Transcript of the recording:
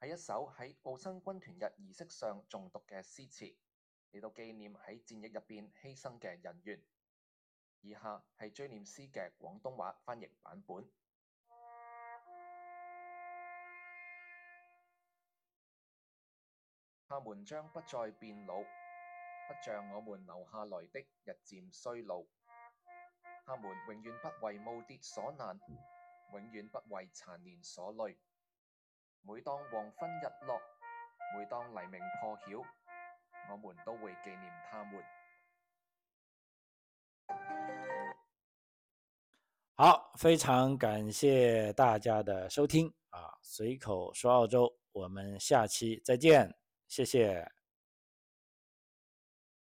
係一首喺澳新軍團日儀式上誦讀嘅詩詞，嚟到紀念喺戰役入邊犧牲嘅人員。以下係追念詩嘅廣東話翻譯版本。他們將不再變老，不像我們留下來的日漸衰老。他們永遠不為暮跌所難，永遠不為殘年所累。每當黃昏日落，每當黎明破曉，我們都會紀念他們。好，非常感謝大家的收聽啊！隨口說澳洲，我們下期再見，謝謝。